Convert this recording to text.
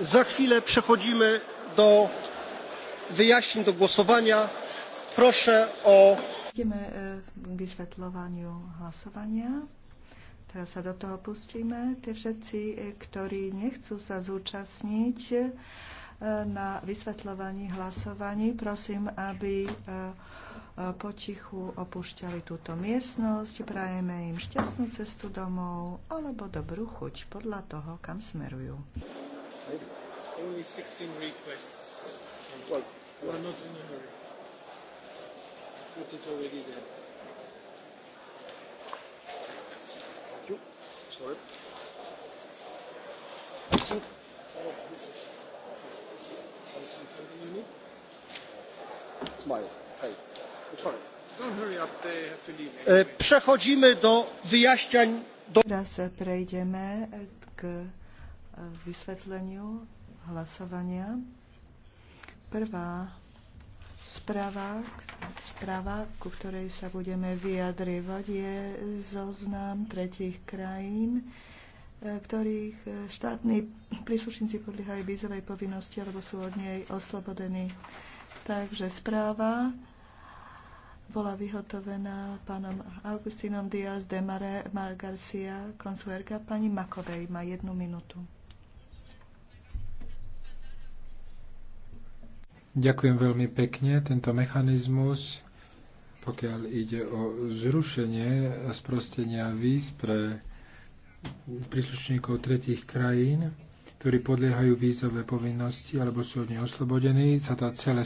za chwilę przechodzimy do wyjaśnień do głosowania. proszę o. Ideme k vysvetľovaniu hlasovania. Teraz sa do toho pustíme. Tie všetci, e, ktorí nechcú sa zúčastniť e, na vysvetľovaní hlasovaní, prosím, aby e, potichu opúšťali túto miestnosť. Prajeme im šťastnú cestu domov alebo dobrú chuť podľa toho, kam smerujú only 16 requests. Well, We're well. not in a hurry. put it already there. Thank you. Sorry. I think oh, all this is something you need. Smile. Hey. Sorry. Don't e, do wyjaśniań. Do... Teraz przejdziemy k vysvetleniu e, hlasovania. Prvá správa, správa ku ktorej sa budeme vyjadrievať, je zoznam tretich krajín, ktorých štátni príslušníci podliehajú vízovej povinnosti alebo sú od nej oslobodení. Takže správa bola vyhotovená pánom Augustinom Diaz de Mare Margarcia Consuerga. Pani Makovej má jednu minútu. Ďakujem veľmi pekne. Tento mechanizmus, pokiaľ ide o zrušenie a sprostenia víz pre príslušníkov tretich krajín, ktorí podliehajú vízové povinnosti alebo sú od nej oslobodení, sa to celé